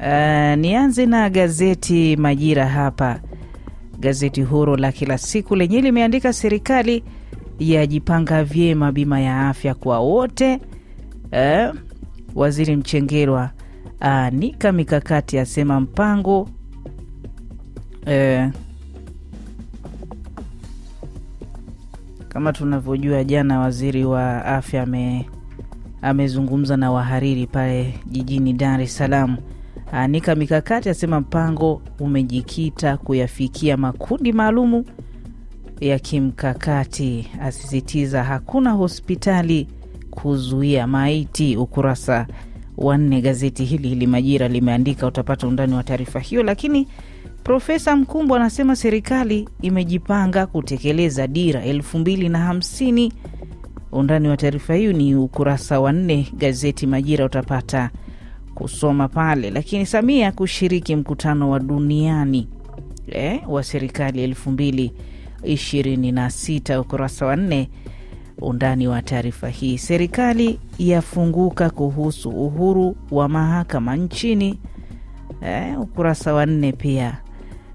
Uh, nianze na gazeti Majira hapa, gazeti huru la kila siku lenye limeandika serikali yajipanga vyema bima ya afya kwa wote. Uh, waziri Mchengerwa aanika uh, mikakati asema mpango uh, kama tunavyojua jana waziri wa afya ame, amezungumza na wahariri pale jijini Dar es Salaam aanika ah, mikakati, asema mpango umejikita kuyafikia makundi maalumu ya kimkakati, asisitiza hakuna hospitali kuzuia maiti. Ukurasa wa nne gazeti hili hili Majira limeandika, utapata undani wa taarifa hiyo. Lakini Profesa Mkumbwa anasema serikali imejipanga kutekeleza dira elfu mbili na hamsini. Undani wa taarifa hiyo ni ukurasa wa nne gazeti Majira, utapata kusoma pale, lakini Samia kushiriki mkutano wa duniani eh, wa serikali 226 Ukurasa wa nne. Undani wa taarifa hii, serikali yafunguka kuhusu uhuru wa mahakama nchini eh, ukurasa wa nne. Pia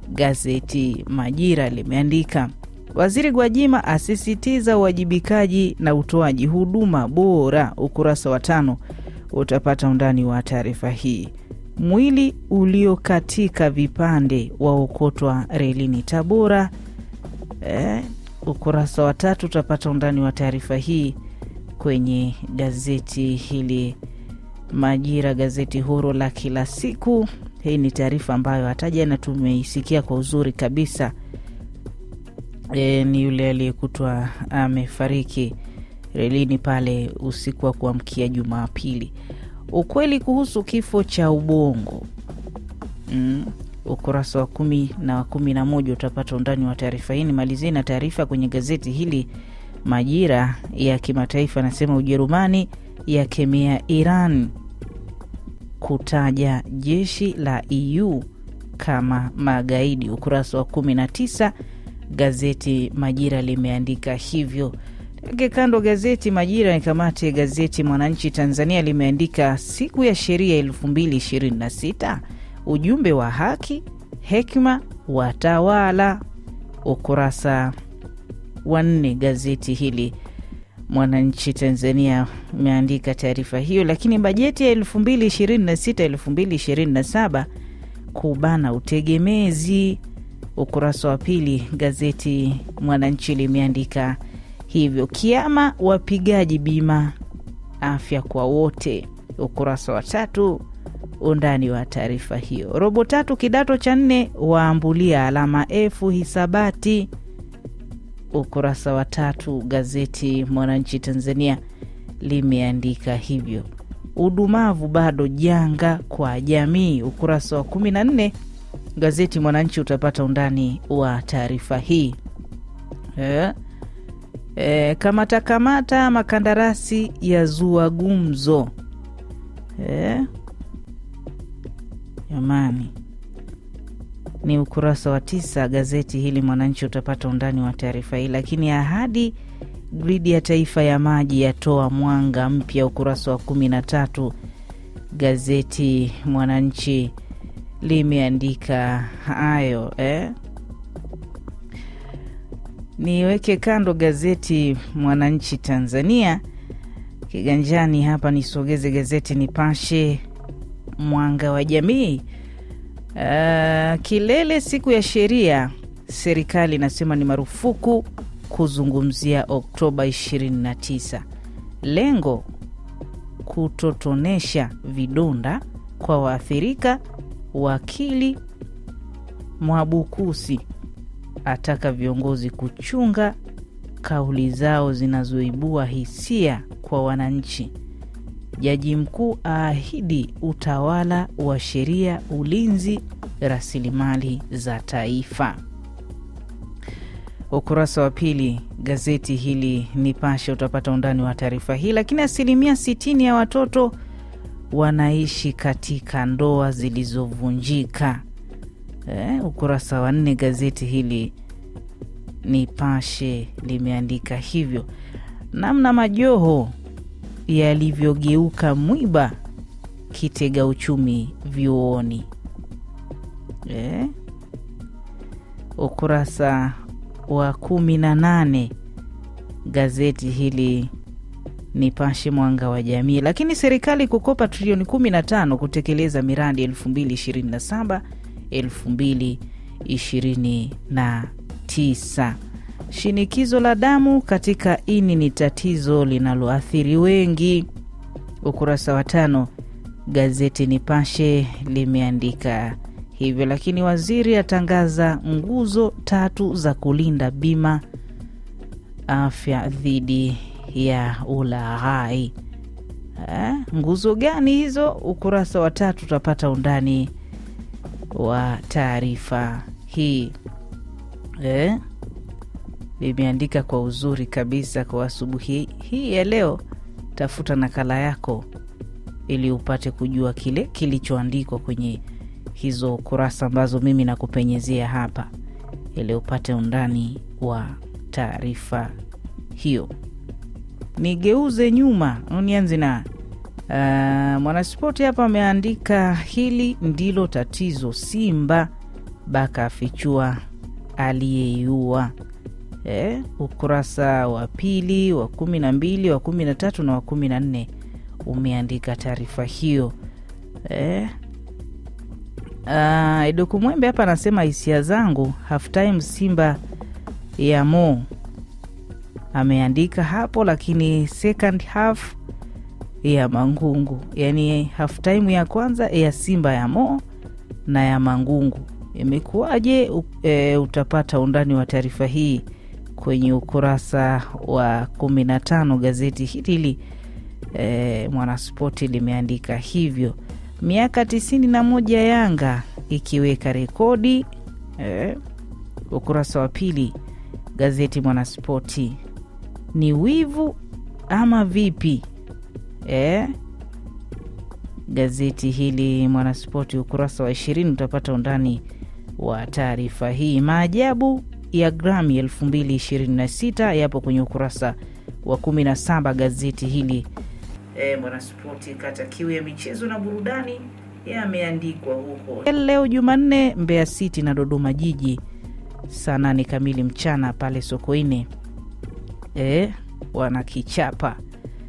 gazeti Majira limeandika Waziri Gwajima asisitiza uwajibikaji na utoaji huduma bora, ukurasa wa tano utapata undani wa taarifa hii. Mwili uliokatika vipande waokotwa relini Tabora. Eh, ukurasa wa tatu utapata undani wa taarifa hii kwenye gazeti hili Majira, gazeti huru la kila siku. Hii ni taarifa ambayo hata jana tumeisikia kwa uzuri kabisa. E, ni yule aliyekutwa amefariki relini pale usiku wa kuamkia jumaapili ukweli kuhusu kifo cha ubongo mm. Ukurasa wa kumi na wa kumi na moja utapata undani wa taarifa hii. Nimalizie na taarifa kwenye gazeti hili Majira ya kimataifa, anasema Ujerumani yakemea Iran kutaja jeshi la EU kama magaidi. Ukurasa wa 19 gazeti Majira limeandika hivyo. Weke kando gazeti Majira, kamati ya gazeti Mwananchi Tanzania limeandika siku ya sheria l226 ujumbe wa haki hekima watawala, ukurasa wa nne. Gazeti hili Mwananchi Tanzania imeandika taarifa hiyo, lakini bajeti ya 2026 kubana utegemezi, ukurasa wa pili. Gazeti Mwananchi limeandika hivyo kiama wapigaji bima afya kwa wote, ukurasa wa tatu undani wa taarifa hiyo. Robo tatu kidato cha nne waambulia alama efu hisabati, ukurasa wa tatu. Gazeti Mwananchi Tanzania limeandika hivyo. Udumavu bado janga kwa jamii, ukurasa wa 14. Gazeti Mwananchi utapata undani wa taarifa hii yeah. E, kamata kamata makandarasi ya zua gumzo e, jamani. E, ni ukurasa wa tisa gazeti hili Mwananchi, utapata undani wa taarifa hii. Lakini ahadi gridi ya taifa ya maji yatoa mwanga mpya, ukurasa wa kumi na tatu gazeti Mwananchi limeandika hayo eh niweke kando gazeti Mwananchi Tanzania kiganjani hapa, nisogeze gazeti Nipashe Mwanga wa Jamii. Uh, kilele siku ya sheria, serikali inasema ni marufuku kuzungumzia Oktoba 29, lengo kutotonesha vidonda kwa waathirika. Wakili Mwabukusi ataka viongozi kuchunga kauli zao zinazoibua hisia kwa wananchi. Jaji mkuu aahidi utawala wa sheria, ulinzi rasilimali za taifa. Ukurasa wa pili gazeti hili Nipashe, utapata undani wa taarifa hii. Lakini asilimia 60 ya watoto wanaishi katika ndoa zilizovunjika eh, ukurasa wa nne gazeti hili Nipashe limeandika hivyo, namna majoho yalivyogeuka mwiba kitega uchumi vyuoni eh? Ukurasa wa kumi na nane gazeti hili Nipashe Mwanga wa Jamii. Lakini serikali kukopa trilioni 15 kutekeleza miradi 227 2029. Shinikizo la damu katika ini ni tatizo linaloathiri wengi. Ukurasa wa tano, gazeti Nipashe limeandika hivyo. Lakini waziri atangaza nguzo tatu za kulinda bima afya dhidi ya ulaghai. Eh, nguzo gani hizo? Ukurasa wa tatu utapata undani wa taarifa hii eh? Limeandika kwa uzuri kabisa kwa asubuhi hii ya leo. Tafuta nakala yako ili upate kujua kile kilichoandikwa kwenye hizo kurasa ambazo mimi nakupenyezea hapa, ili upate undani wa taarifa hiyo. Nigeuze nyuma au nianze na Uh, mwanaspoti hapa ameandika hili ndilo tatizo Simba, Baka afichua aliyeiua. Eh, ukurasa wa pili wa kumi na mbili wa kumi na tatu na wa kumi na nne umeandika taarifa hiyo eh. Uh, ah, Idoku Mwembe hapa anasema hisia zangu halftime Simba ya mo ameandika hapo, lakini second half ya Mangungu, yaani half time ya kwanza ya Simba ya Mo na ya Mangungu imekuwaje? E, utapata undani wa taarifa hii kwenye ukurasa wa 15 gazeti hili e, Mwanaspoti limeandika hivyo. Miaka tisini na moja Yanga ikiweka rekodi e, ukurasa wa pili gazeti Mwanaspoti. Ni wivu ama vipi? eh, gazeti hili Mwanaspoti ukurasa wa ishirini utapata undani wa taarifa hii. Maajabu ya Grammy 226 yapo kwenye ukurasa wa 17 gazeti hili e, Mwanaspoti. Kata kiu ya michezo na burudani yameandikwa huko leo Jumanne, mbea City na Dodoma Jiji saa 8 kamili mchana pale Sokoine e, wanakichapa